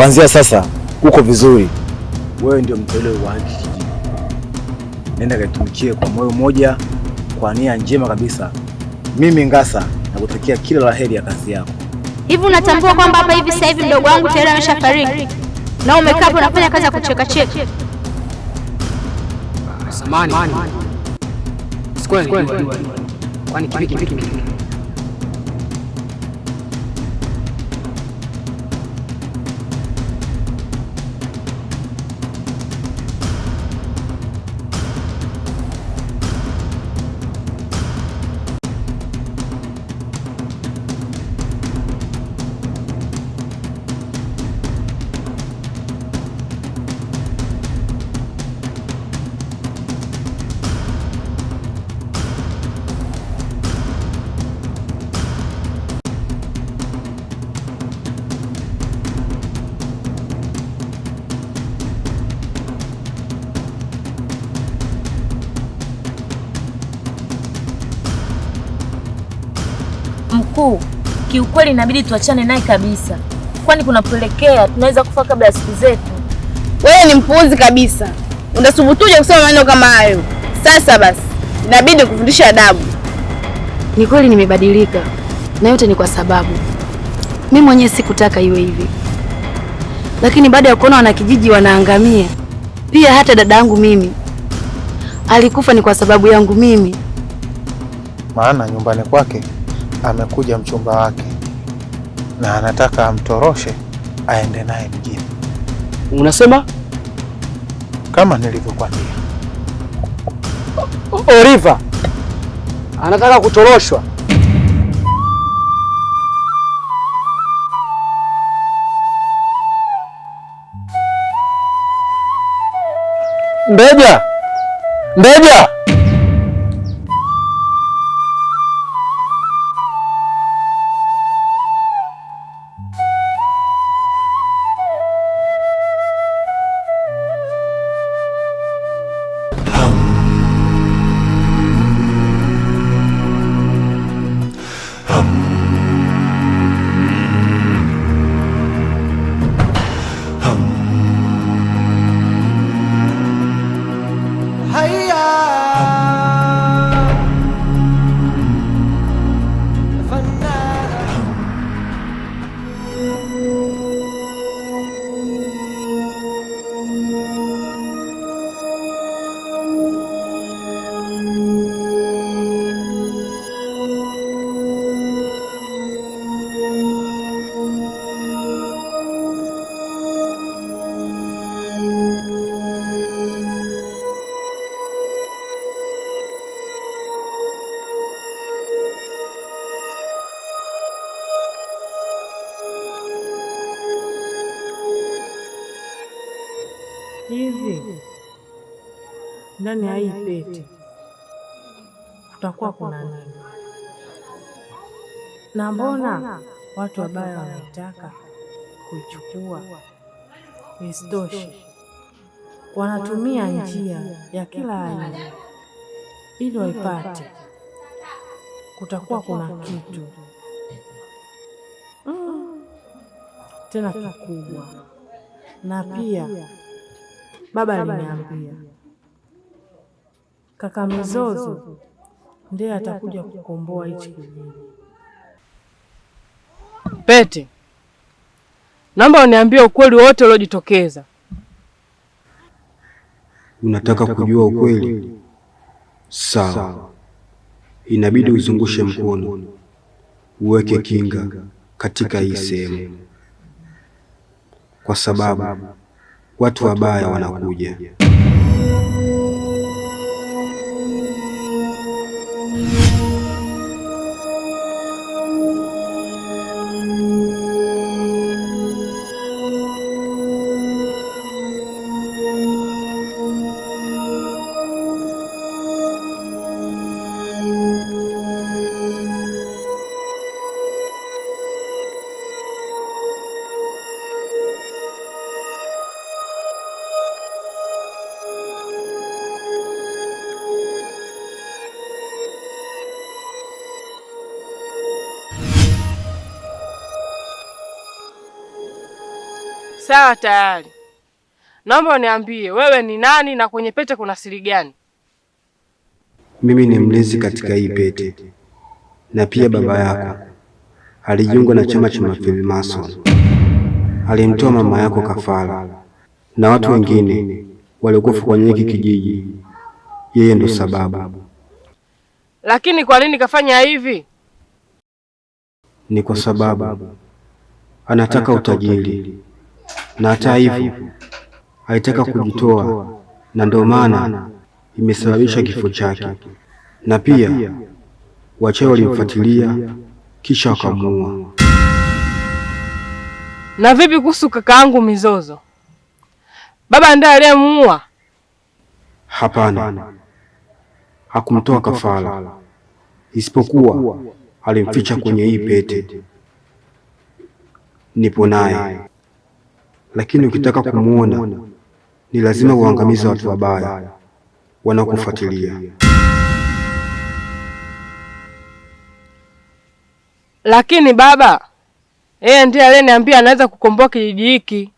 Kuanzia sasa uko vizuri, wewe ndio mteule wa hiki kijiji. Nenda kaitumikie kwa moyo mmoja, kwa nia njema kabisa. Mimi Ngasa nakutakia kila la heri ya kazi yako. Hivi unatambua kwamba hapa hivi sasa hivi mdogo wangu tayari ameshafariki na umekaa hapo unafanya kazi ya kucheka cheka? Samani. Sikweli. Kwani kipi kipi? kiukweli inabidi tuachane naye kabisa, kwani kunapelekea tunaweza kufa kabla ya siku zetu. Wewe ni mpuuzi kabisa, unasubutuje kusema maneno kama hayo? Sasa basi, inabidi kufundisha adabu. Ni kweli nimebadilika, na yote ni kwa sababu mimi mwenyewe sikutaka iwe hivi, lakini baada ya kuona wanakijiji wanaangamia, pia hata dada yangu mimi alikufa ni kwa sababu yangu mimi, maana nyumbani kwake amekuja mchumba wake na anataka amtoroshe aende naye mjini. Unasema kama nilivyokwambia, Oriva anataka kutoroshwa? Mbeja, Mbeja! ndani ya hii pete kutakuwa kuna nini? Na mbona watu wabaya wanaitaka kuichukua? Isitoshe, wanatumia njia ya kila aina ili waipate. Kutakuwa kuna kitu mm. mm, tena kikubwa. Na pia baba aliniambia Kaka Mzozo ndiye atakuja kukomboa hichi kijiji. Pete, naomba uniambie ukweli wote uliojitokeza. Unataka kujua ukweli? Sawa, inabidi uzungushe mkono, uweke kinga katika hii sehemu, kwa sababu watu wabaya wanakuja. Sawa, tayari. Naomba uniambie wewe ni nani na kwenye pete kuna siri gani? Mimi ni mlinzi katika hii pete na pia baba yako alijiunga na chama cha Mafilmason, alimtoa mama yako kafara na watu wengine waliokufa kwenye hiki kijiji, yeye ndo sababu. Lakini kwa nini kafanya hivi? Ni kwa sababu anataka utajiri na hata hivyo haitaka kujitoa, na ndio maana imesababisha kifo chake. Na pia wachawi walimfuatilia kisha wakamuua. Na vipi kuhusu yangu Mizozo? Baba ndiye aliyemuua? Hapana, hakumtoa kafara, isipokuwa alimficha kwenye hii pete. Nipo naye lakini ukitaka kumwona ni lazima uangamize watu wabaya wanakufuatilia. Lakini baba, yeye ndiye aliyeniambia anaweza kukomboa kijiji hiki.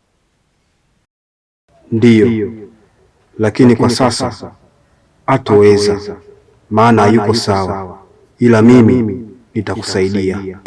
Ndiyo, lakini, lakini kwa sasa hatoweza, maana hayuko sawa, ila mimi nitakusaidia.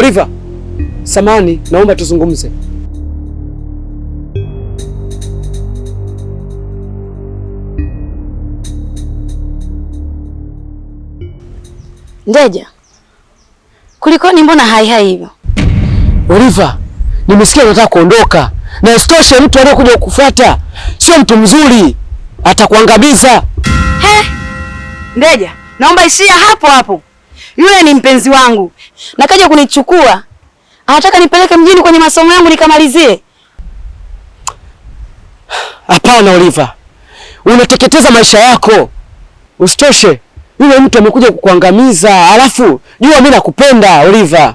Oliver, samani, naomba tuzungumze. Ndeja, kulikoni? Mbona hai hai hivyo? Oliver, nimesikia unataka kuondoka, na isitoshe mtu aliyekuja kukufuata sio mtu mzuri, atakuangamiza. He, Ndeja, naomba isia hapo hapo. Yule ni mpenzi wangu, nakaja kunichukua, anataka nipeleke mjini kwenye masomo yangu nikamalizie. Hapana Oliva, unateketeza maisha yako. Usitoshe yule mtu amekuja kukuangamiza, alafu jua mimi nakupenda Oliva.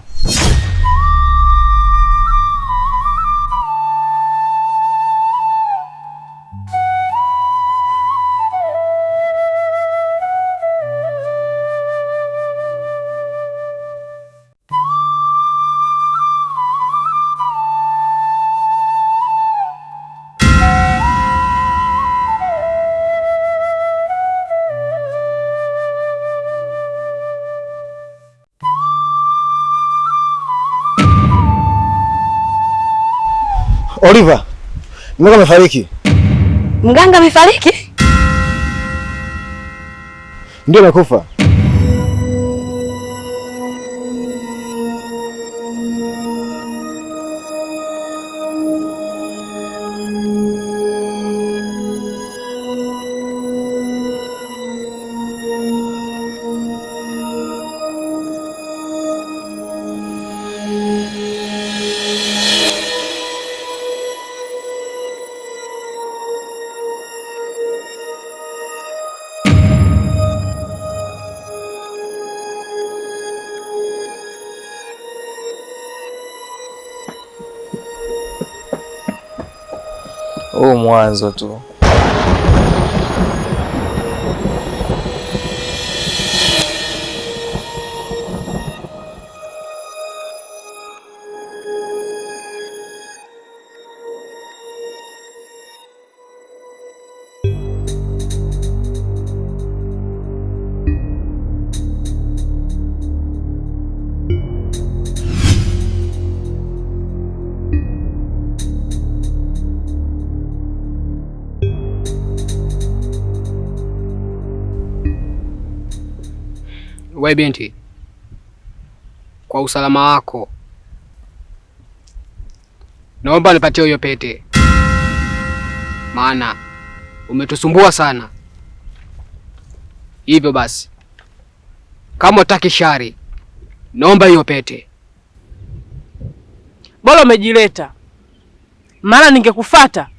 Oliver, mganga amefariki. Mganga amefariki? Ndio amekufa. mwanzo tu. We binti, kwa usalama wako naomba nipatie hiyo pete, maana umetusumbua sana. Hivyo basi, kama utaki shari, naomba hiyo pete. Bora umejileta, maana ningekufata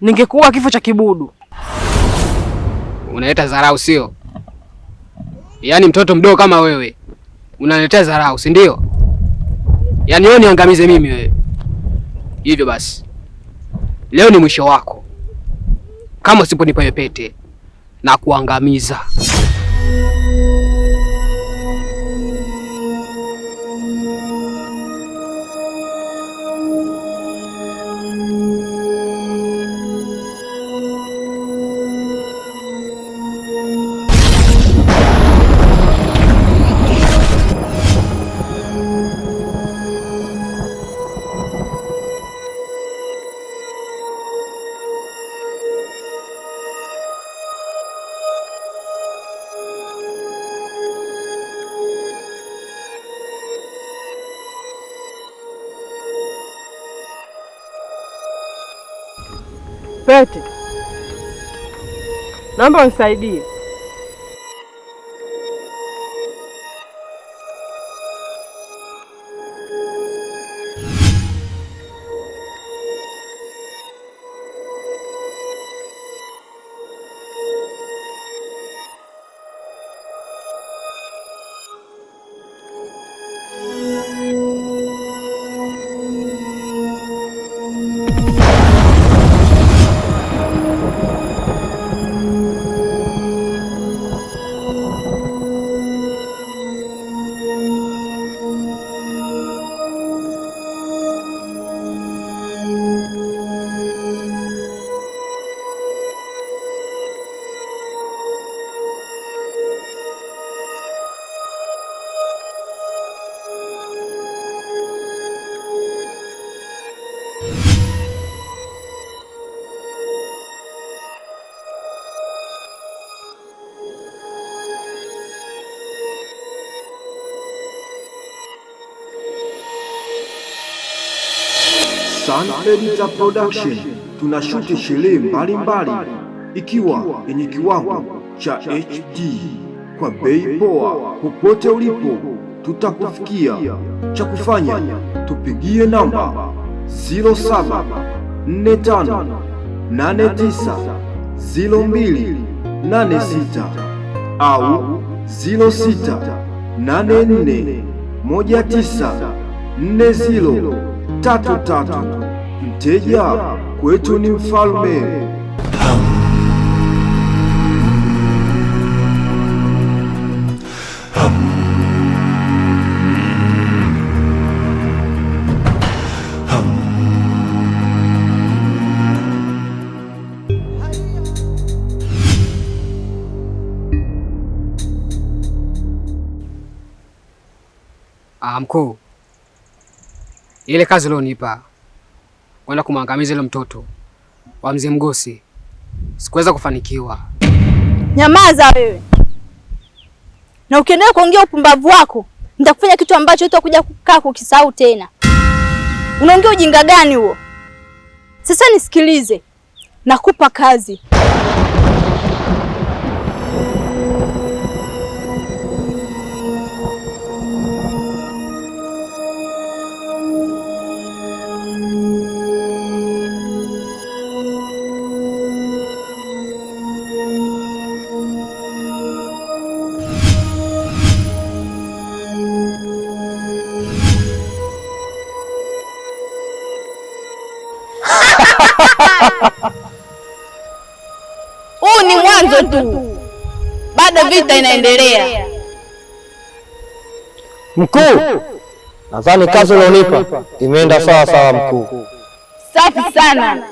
ningekuwa kifo cha kibudu. Unaleta dharau, sio? Yaani mtoto mdogo kama wewe unaletea dharau, si ndio? Yaani wewe niangamize mimi wewe. Hivyo basi leo ni mwisho wako, kama usiponipa hiyo pete na kuangamiza. naomba unisaidie. Sun Edita Production tunashuti sherehe mbalimbali ikiwa yenye kiwango cha HD kwa bei poa. Popote ulipo, tutakufikia. Cha kufanya tupigie namba 0745890286 au 06841940 tatu tatu, mteja kwetu ni mfalme. Ah, mkuu, ile kazi ulionipa kwenda kumwangamiza ile mtoto wa mzee Mgosi sikuweza kufanikiwa. Nyamaza wewe, na ukiendelea kuongea upumbavu wako nitakufanya kitu ambacho utakuja kukaa kukisahau tena. Unaongea ujinga gani huo? Sasa nisikilize, nakupa kazi mwanzo tu, bado vita inaendelea. Mkuu, nadhani kazi ulionipa imeenda sawa sawa mkuu. Safi sana.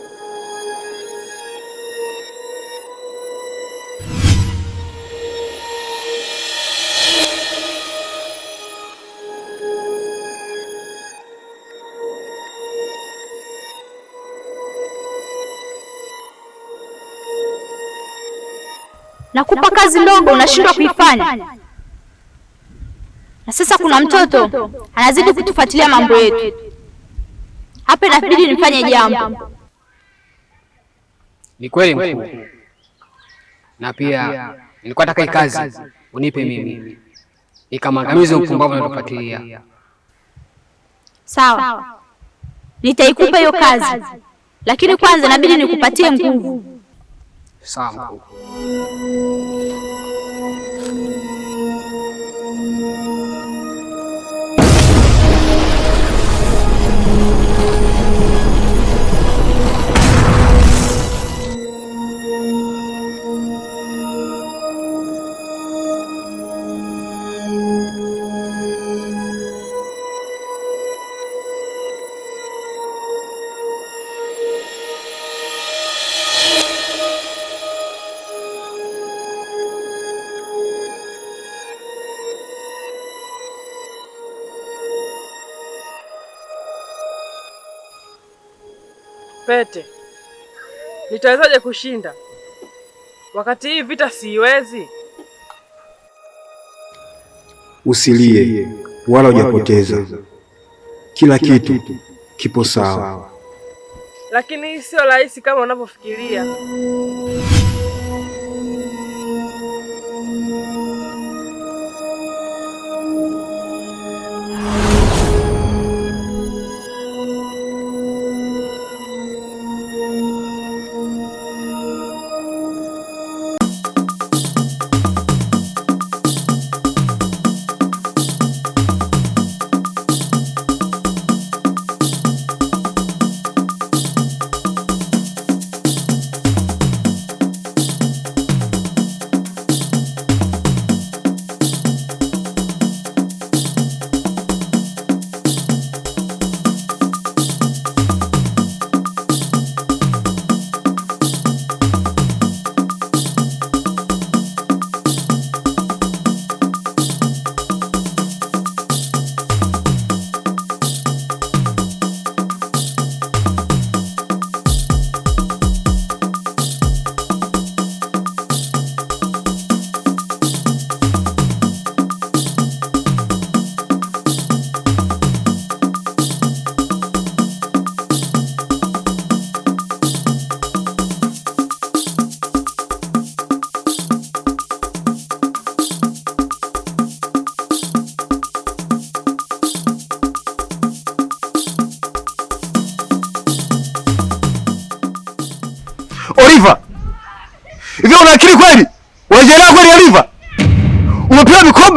Nakupa kazi ndogo unashindwa kuifanya, na sasa kuna mtoto anazidi kutufuatilia mambo yetu. Hapa inabidi nifanye jambo. Ni kweli mkuu, na pia nilikuwa nataka kazi unipe mimi nikamwangamize mpumbavu unatufuatilia. Sawa, nitaikupa hiyo kazi, lakini kwanza inabidi nikupatie nguvu शाम को Pete, nitawezaje kushinda wakati hii vita siiwezi? Usilie wala hujapoteza, kila kitu kipo sawa, lakini sio rahisi kama unavyofikiria.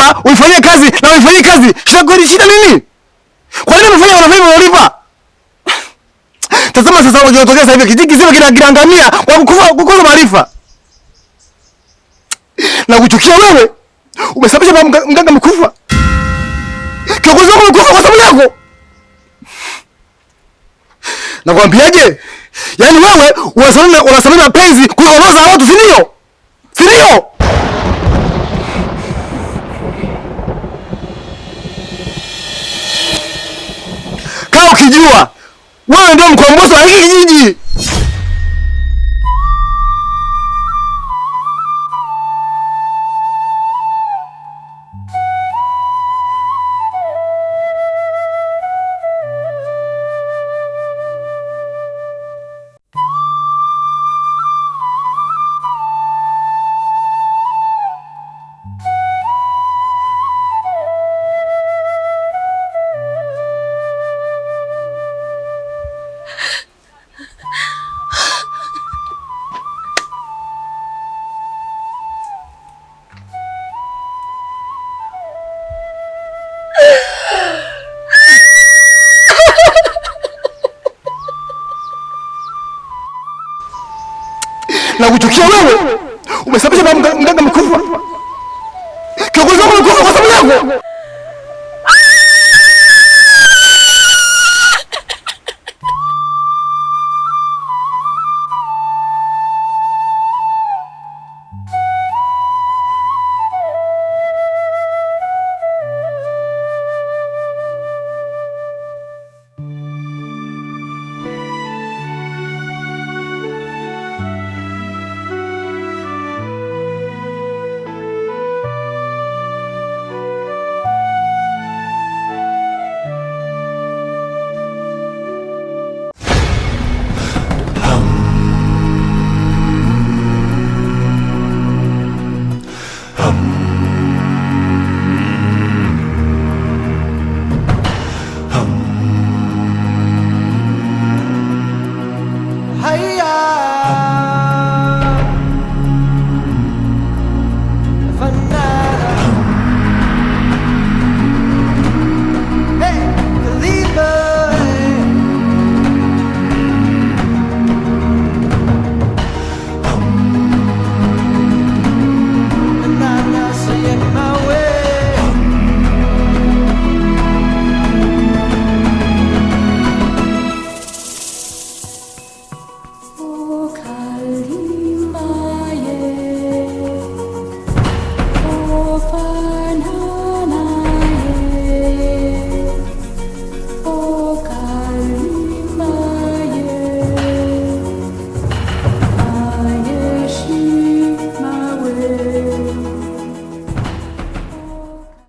unataka uifanyie kazi na uifanyie kazi. Shida kweli, shida nini? Kwa nini unafanya kama hivyo ulipa? Tazama sasa unajotokea sasa hivi kijiji kizima kinaangamia kwa kukufa kukula maarifa. Na kuchukia wewe umesababisha mganga mkufa. Kiongozi wako mkufa kwa sababu yako. Nakwambiaje? Yaani wewe unasalimia unasalimia penzi kuliko roho za watu, si ndio? Si ndio? kumjua. Wewe ndio mkombozi wa hili jiji. ukiwa umesababisha mganga